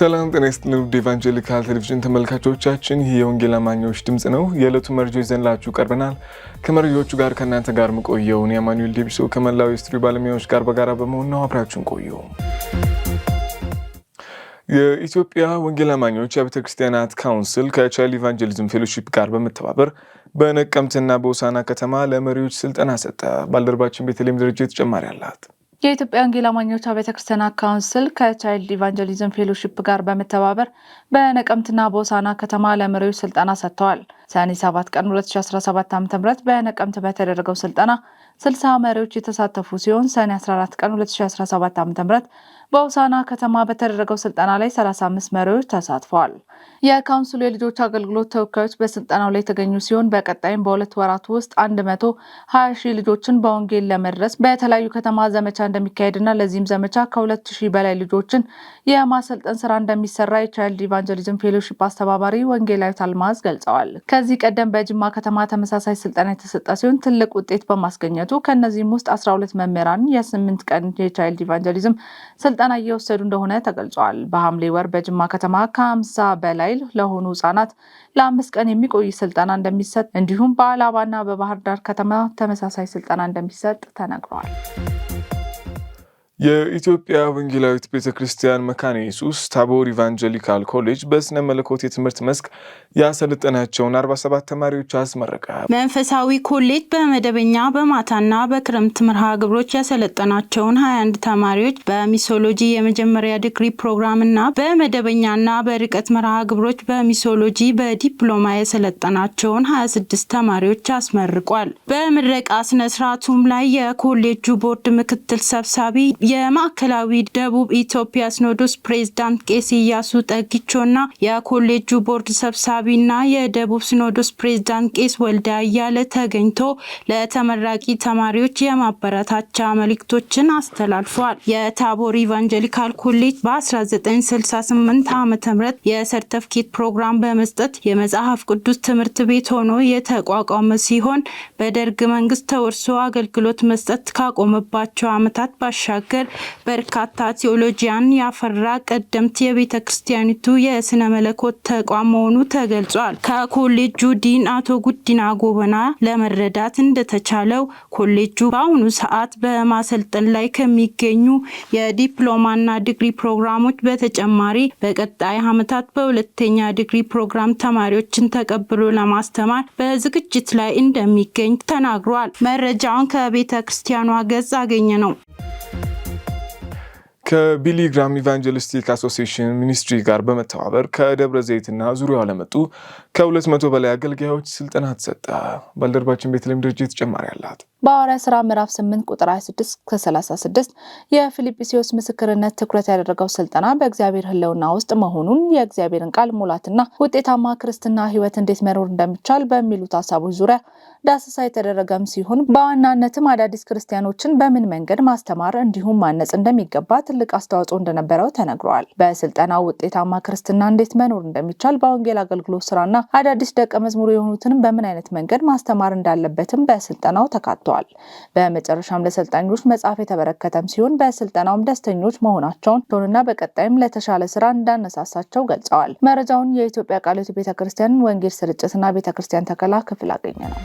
ሰላም ጤና ይስጥልን ውድ ኤቫንጀሊካል ቴሌቪዥን ተመልካቾቻችን፣ ይህ የወንጌል አማኞች ድምፅ ነው። የዕለቱ መረጃዎች ይዘንላችሁ ቀርበናል። ከመረጃዎቹ ጋር ከእናንተ ጋር ምቆየውን የአማኑኤል ዴምሶ ከመላው የስቱዲዮ ባለሙያዎች ጋር በጋራ በመሆን ነው። አብራችሁን ቆዩ። የኢትዮጵያ ወንጌል አማኞች የቤተ ክርስቲያናት ካውንስል ከቻይልድ ኢቫንጀሊዝም ፌሎሺፕ ጋር በመተባበር በነቀምትና በውሳና ከተማ ለመሪዎች ስልጠና ሰጠ። ባልደረባችን ቤተልሔም ደረጃ ተጨማሪ አላት። የኢትዮጵያ ወንጌል አማኞች ቤተክርስቲያን ካውንስል ከቻይልድ ኢቫንጀሊዝም ፌሎሺፕ ጋር በመተባበር በነቀምትና በሆሳና ከተማ ለመሪዎች ስልጠና ሰጥተዋል። ሰኔ 7 ቀን 2017 ዓ.ም በነቀምት በተደረገው ስልጠና 60 መሪዎች የተሳተፉ ሲሆን ሰኔ 14 ቀን 2017 ዓ.ም በሆሳና ከተማ በተደረገው ስልጠና ላይ 35 መሪዎች ተሳትፈዋል። የካውንስሉ የልጆች አገልግሎት ተወካዮች በስልጠናው ላይ የተገኙ ሲሆን በቀጣይም በሁለት ወራት ውስጥ 120 ሺህ ልጆችን በወንጌል ለመድረስ በተለያዩ ከተማ ዘመቻ እንደሚካሄድና ለዚህም ዘመቻ ከ2 ሺህ በላይ ልጆችን የማሰልጠን ስራ እንደሚሰራ የቻይልድ የኢቫንጀሊዝም ፌሎሺፕ አስተባባሪ ወንጌላዊት አልማዝ ገልጸዋል። ከዚህ ቀደም በጅማ ከተማ ተመሳሳይ ስልጠና የተሰጠ ሲሆን ትልቅ ውጤት በማስገኘቱ ከእነዚህም ውስጥ 12 መምህራን የስምንት ቀን የቻይልድ ኢቫንጀሊዝም ስልጠና እየወሰዱ እንደሆነ ተገልጿል። በሐምሌ ወር በጅማ ከተማ ከአምሳ በላይ ለሆኑ ህጻናት ለአምስት ቀን የሚቆይ ስልጠና እንደሚሰጥ እንዲሁም በአላባና በባህር ዳር ከተማ ተመሳሳይ ስልጠና እንደሚሰጥ ተነግሯል። የኢትዮጵያ ወንጌላዊት ቤተ ክርስቲያን መካነ ኢየሱስ ታቦር ኢቫንጀሊካል ኮሌጅ በስነ መለኮት የትምህርት መስክ ያሰለጠናቸውን 47 ተማሪዎች አስመረቀ። መንፈሳዊ ኮሌጅ በመደበኛ በማታና በክረምት መርሃ ግብሮች ያሰለጠናቸውን 21 ተማሪዎች በሚሶሎጂ የመጀመሪያ ዲግሪ ፕሮግራምና በመደበኛና በርቀት መርሃ ግብሮች በሚሶሎጂ በዲፕሎማ ያሰለጠናቸውን 26 ተማሪዎች አስመርቋል። በምረቃ ስነ ላይ የኮሌጁ ቦርድ ምክትል ሰብሳቢ የማዕከላዊ ደቡብ ኢትዮጵያ ሲኖዶስ ፕሬዝዳንት ቄስ ኢያሱ ጠጊቾና የኮሌጁ ቦርድ ሰብሳቢና የደቡብ ሲኖዶስ ፕሬዝዳንት ቄስ ወልደ አያለ ተገኝቶ ለተመራቂ ተማሪዎች የማበረታቻ መልእክቶችን አስተላልፏል። የታቦር ኢቫንጀሊካል ኮሌጅ በ1968 ዓ ም የሰርተፍኬት ፕሮግራም በመስጠት የመጽሐፍ ቅዱስ ትምህርት ቤት ሆኖ የተቋቋመ ሲሆን በደርግ መንግስት ተወርሶ አገልግሎት መስጠት ካቆመባቸው ዓመታት ባሻገር ሀገር በርካታ ቴዎሎጂያን ያፈራ ቀደምት የቤተ ክርስቲያኒቱ የስነ መለኮት ተቋም መሆኑ ተገልጿል። ከኮሌጁ ዲን አቶ ጉዲና ጎበና ለመረዳት እንደተቻለው ኮሌጁ በአሁኑ ሰዓት በማሰልጠን ላይ ከሚገኙ የዲፕሎማና ዲግሪ ፕሮግራሞች በተጨማሪ በቀጣይ ዓመታት በሁለተኛ ዲግሪ ፕሮግራም ተማሪዎችን ተቀብሎ ለማስተማር በዝግጅት ላይ እንደሚገኝ ተናግሯል። መረጃውን ከቤተ ክርስቲያኗ ገጽ አገኘ ነው። ከቢሊግራም ኢቫንጀሊስቲክ አሶሲሽን ሚኒስትሪ ጋር በመተባበር ከደብረ ዘይትና ዙሪያው ለመጡ ከሁለት መቶ በላይ አገልጋዮች ስልጠና ተሰጠ። ባልደረባችን ቤተልሔም ድርጅት ተጨማሪ አላት። በሐዋርያት ሥራ ምዕራፍ 8 ቁጥር 26 ከ36 የፊልጵስዩስ ምስክርነት ትኩረት ያደረገው ስልጠና በእግዚአብሔር ሕልውና ውስጥ መሆኑን የእግዚአብሔርን ቃል ሙላትና ውጤታማ ክርስትና ሕይወት እንዴት መኖር እንደሚቻል በሚሉት ሀሳቦች ዙሪያ ዳሰሳ የተደረገም ሲሆን በዋናነትም አዳዲስ ክርስቲያኖችን በምን መንገድ ማስተማር እንዲሁም ማነጽ እንደሚገባ ትልቅ አስተዋጽኦ እንደነበረው ተነግረዋል። በስልጠናው ውጤታማ ክርስትና እንዴት መኖር እንደሚቻል በወንጌል አገልግሎት ስራና አዳዲስ ደቀ መዝሙር የሆኑትንም በምን አይነት መንገድ ማስተማር እንዳለበትም በስልጠናው ተካቷል። ተሰጥቷል። በመጨረሻም ለሰልጣኞች መጽሐፍ የተበረከተም ሲሆን በስልጠናውም ደስተኞች መሆናቸውን መሆናቸውንና በቀጣይም ለተሻለ ስራ እንዳነሳሳቸው ገልጸዋል። መረጃውን የኢትዮጵያ ቃለ ሕይወት ቤተ ወንጌል ስርጭትና ቤተክርስቲያን ተከላ ክፍል አገኘ ነው።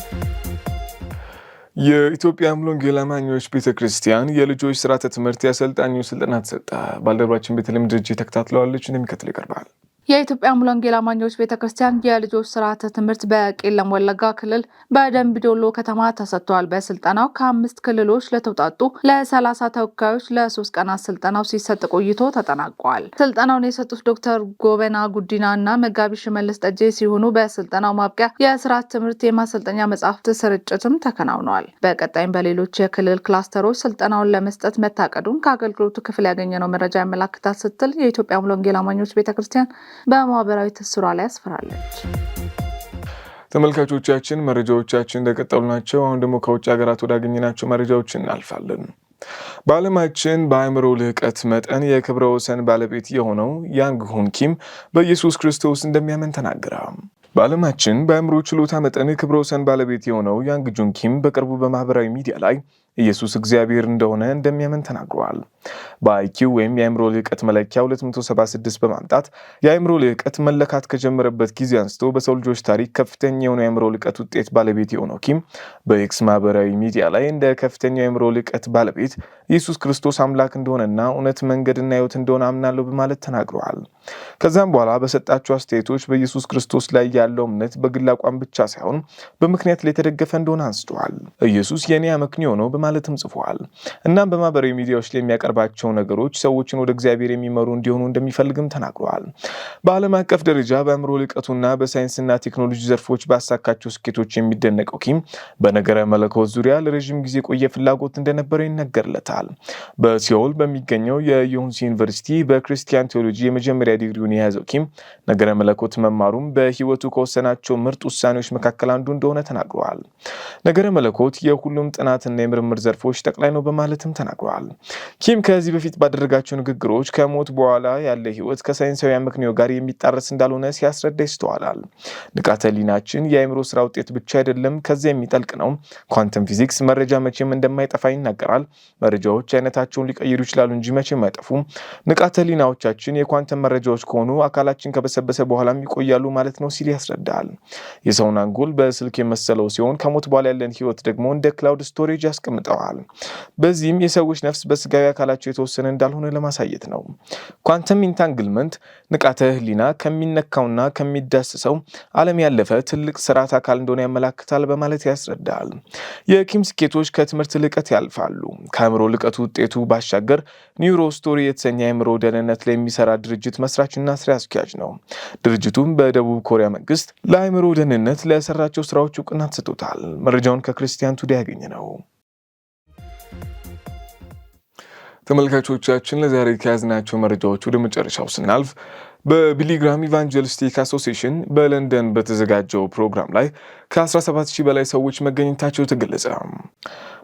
የኢትዮጵያ ሙሉ ወንጌል አማኞች ቤተ ክርስቲያን የልጆች ስርዓተ ትምህርት የአሰልጣኙ ስልጠና ተሰጠ። ባልደረባችን ቤተልሔም ድርጅ ተከታትለዋለች፣ እንደሚከተል ይቀርባል። የኢትዮጵያ ሙሉ ወንጌል አማኞች ቤተ ክርስቲያን የልጆች ስርዓተ ትምህርት በቄለም ወለጋ ክልል በደንቢ ዶሎ ከተማ ተሰጥቷል። በስልጠናው ከአምስት ክልሎች ለተውጣጡ ለሰላሳ ተወካዮች ለሶስት ቀናት ስልጠናው ሲሰጥ ቆይቶ ተጠናቋል። ስልጠናውን የሰጡት ዶክተር ጎበና ጉዲና እና መጋቢ ሽመልስ ጠጄ ሲሆኑ በስልጠናው ማብቂያ የስርዓት ትምህርት የማሰልጠኛ መጽሐፍት ስርጭትም ተከናውኗል። በቀጣይም በሌሎች የክልል ክላስተሮች ስልጠናውን ለመስጠት መታቀዱን ከአገልግሎቱ ክፍል ያገኘነው መረጃ ያመላክታል ስትል የኢትዮጵያ ሙሉ ወንጌል አማኞች በማህበራዊ ትስሯ ላይ አስፈራለች። ተመልካቾቻችን መረጃዎቻችን እንደቀጠሉ ናቸው። አሁን ደግሞ ከውጭ ሀገራት ወዳገኘናቸው መረጃዎች እናልፋለን። በዓለማችን በአእምሮ ልህቀት መጠን የክብረ ወሰን ባለቤት የሆነው ያንግ ሁን ኪም በኢየሱስ ክርስቶስ እንደሚያምን ተናገረ። በዓለማችን በአእምሮ ችሎታ መጠን የክብረ ወሰን ባለቤት የሆነው ያንግ ጁን ኪም በቅርቡ በማህበራዊ ሚዲያ ላይ ኢየሱስ እግዚአብሔር እንደሆነ እንደሚያምን ተናግረዋል። በአይኪው ወይም የአእምሮ ልዕቀት መለኪያ 276 በማምጣት የአእምሮ ልዕቀት መለካት ከጀመረበት ጊዜ አንስቶ በሰው ልጆች ታሪክ ከፍተኛ የሆነ የአእምሮ ልቀት ውጤት ባለቤት የሆነው ኪም በኤክስ ማህበራዊ ሚዲያ ላይ እንደ ከፍተኛ የአእምሮ ልዕቀት ባለቤት ኢየሱስ ክርስቶስ አምላክ እንደሆነና እውነት መንገድና ይወት እንደሆነ አምናለሁ በማለት ተናግረዋል። ከዚያም በኋላ በሰጣቸው አስተያየቶች በኢየሱስ ክርስቶስ ላይ ያለው እምነት በግል አቋም ብቻ ሳይሆን በምክንያት ላይ የተደገፈ እንደሆነ አንስተዋል። ኢየሱስ የእኔ አመክንዮ ነው በማለትም ጽፏል። እናም በማህበራዊ ሚዲያዎች ላይ የሚያቀርባቸው ነገሮች ሰዎችን ወደ እግዚአብሔር የሚመሩ እንዲሆኑ እንደሚፈልግም ተናግረዋል። በዓለም አቀፍ ደረጃ በአእምሮ ልቀቱና በሳይንስና ቴክኖሎጂ ዘርፎች ባሳካቸው ስኬቶች የሚደነቀው ኪም በነገረ መለኮት ዙሪያ ለረዥም ጊዜ የቆየ ፍላጎት እንደነበረ ይነገርለታል። በሲኦል በሚገኘው የዮንስ ዩኒቨርሲቲ በክርስቲያን ቴዎሎጂ የመጀመሪያ ዲግሪውን የያዘው ኪም ነገረ መለኮት መማሩም በህይወቱ ከወሰናቸው ምርጥ ውሳኔዎች መካከል አንዱ እንደሆነ ተናግረዋል። ነገረ መለኮት የሁሉም ጥናትና የምርምር የምርምር ዘርፎች ጠቅላይ ነው በማለትም ተናግረዋል። ኪም ከዚህ በፊት ባደረጋቸው ንግግሮች ከሞት በኋላ ያለ ህይወት ከሳይንሳዊ አመክንዮ ጋር የሚጣረስ እንዳልሆነ ሲያስረዳ ይስተዋላል። ንቃተ ህሊናችን የአእምሮ ስራ ውጤት ብቻ አይደለም፣ ከዚያ የሚጠልቅ ነው። ኳንተም ፊዚክስ መረጃ መቼም እንደማይጠፋ ይናገራል። መረጃዎች አይነታቸውን ሊቀይሩ ይችላሉ እንጂ መቼም አይጠፉም። ንቃተ ህሊናዎቻችን የኳንተም መረጃዎች ከሆኑ አካላችን ከበሰበሰ በኋላም ይቆያሉ ማለት ነው ሲል ያስረዳል። የሰውን አንጎል በስልክ የመሰለው ሲሆን ከሞት በኋላ ያለን ህይወት ደግሞ እንደ ክላውድ ስቶሬጅ ያስቀምጣል። ተቀምጠዋል። በዚህም የሰዎች ነፍስ በስጋዊ አካላቸው የተወሰነ እንዳልሆነ ለማሳየት ነው። ኳንተም ኢንታንግልመንት ንቃተ ህሊና ከሚነካውና ከሚዳስሰው ዓለም ያለፈ ትልቅ ስርዓት አካል እንደሆነ ያመላክታል በማለት ያስረዳል። የኪም ስኬቶች ከትምህርት ልቀት ያልፋሉ። ከአእምሮ ልቀቱ ውጤቱ ባሻገር ኒውሮ ስቶሪ የተሰኘ አእምሮ ደህንነት ላይ የሚሰራ ድርጅት መስራችና ስራ አስኪያጅ ነው። ድርጅቱም በደቡብ ኮሪያ መንግስት ለአእምሮ ደህንነት ለሰራቸው ስራዎች እውቅና ተሰጥቶታል። መረጃውን ከክርስቲያን ቱዴ ያገኘ ነው። ተመልካቾቻችን ለዛሬ ከያዝናቸው መረጃዎች ወደ መጨረሻው ስናልፍ በቢሊግራም ኢቫንጀሊስቲክ አሶሲሽን በለንደን በተዘጋጀው ፕሮግራም ላይ ከ17000 በላይ ሰዎች መገኘታቸው ተገለጸ።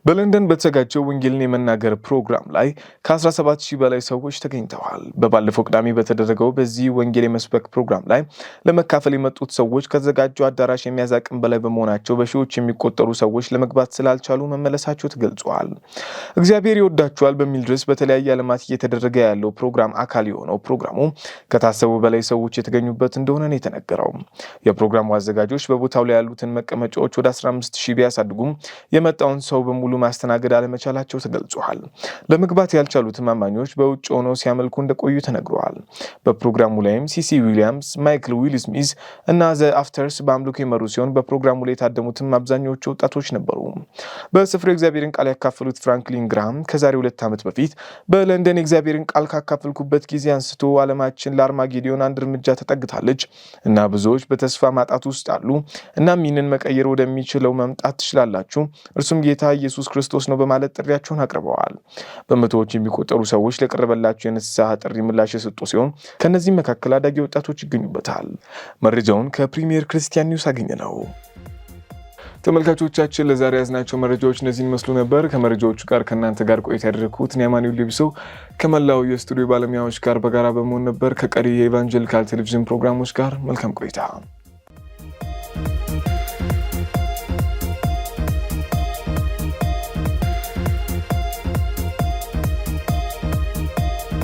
በለንደን በተዘጋጀው ወንጌልን የመናገር ፕሮግራም ላይ ከ17000 በላይ ሰዎች ተገኝተዋል። በባለፈው ቅዳሜ በተደረገው በዚህ ወንጌል የመስበክ ፕሮግራም ላይ ለመካፈል የመጡት ሰዎች ከተዘጋጀው አዳራሽ የሚያዛቅም በላይ በመሆናቸው በሺዎች የሚቆጠሩ ሰዎች ለመግባት ስላልቻሉ መመለሳቸው ተገልጿል። እግዚአብሔር ይወዳቸዋል በሚል ድረስ በተለያየ ዓለማት እየተደረገ ያለው ፕሮግራም አካል የሆነው ፕሮግራሙ ከታሰቡ ከቤተሰቡ በላይ ሰዎች የተገኙበት እንደሆነ ነው የተነገረው። የፕሮግራሙ አዘጋጆች በቦታው ላይ ያሉትን መቀመጫዎች ወደ 15 ሺህ ቢያሳድጉም የመጣውን ሰው በሙሉ ማስተናገድ አለመቻላቸው ተገልጿል። ለመግባት ያልቻሉት አማኞች በውጭ ሆነው ሲያመልኩ እንደቆዩ ተነግረዋል። በፕሮግራሙ ላይም ሲሲ ዊሊያምስ፣ ማይክል ዊል ስሚዝ እና ዘ አፍተርስ በአምልኮ የመሩ ሲሆን በፕሮግራሙ ላይ የታደሙትም አብዛኛዎቹ ወጣቶች ነበሩ። በስፍራው እግዚአብሔርን ቃል ያካፈሉት ፍራንክሊን ግራም ከዛሬ ሁለት ዓመት በፊት በለንደን የእግዚአብሔርን ቃል ካካፈልኩበት ጊዜ አንስቶ አለማችን ለአርማጌ ጌዲዮን አንድ እርምጃ ተጠግታለች እና ብዙዎች በተስፋ ማጣት ውስጥ አሉ። እናም ይህንን መቀየር ወደሚችለው መምጣት ትችላላችሁ፣ እርሱም ጌታ ኢየሱስ ክርስቶስ ነው በማለት ጥሪያቸውን አቅርበዋል። በመቶዎች የሚቆጠሩ ሰዎች ለቀረበላቸው የንስሐ ጥሪ ምላሽ የሰጡ ሲሆን ከእነዚህም መካከል አዳጊ ወጣቶች ይገኙበታል። መረጃውን ከፕሪሚየር ክርስቲያን ኒውስ አገኘ ነው። ተመልካቾቻችን ለዛሬ ያዝናቸው መረጃዎች እነዚህ ይመስሉ ነበር። ከመረጃዎቹ ጋር ከእናንተ ጋር ቆይታ ያደረግኩት ኒያማኒ ሊብሶ ከመላው የስቱዲዮ ባለሙያዎች ጋር በጋራ በመሆን ነበር። ከቀሪ የኢቫንጀሊካል ቴሌቪዥን ፕሮግራሞች ጋር መልካም ቆይታ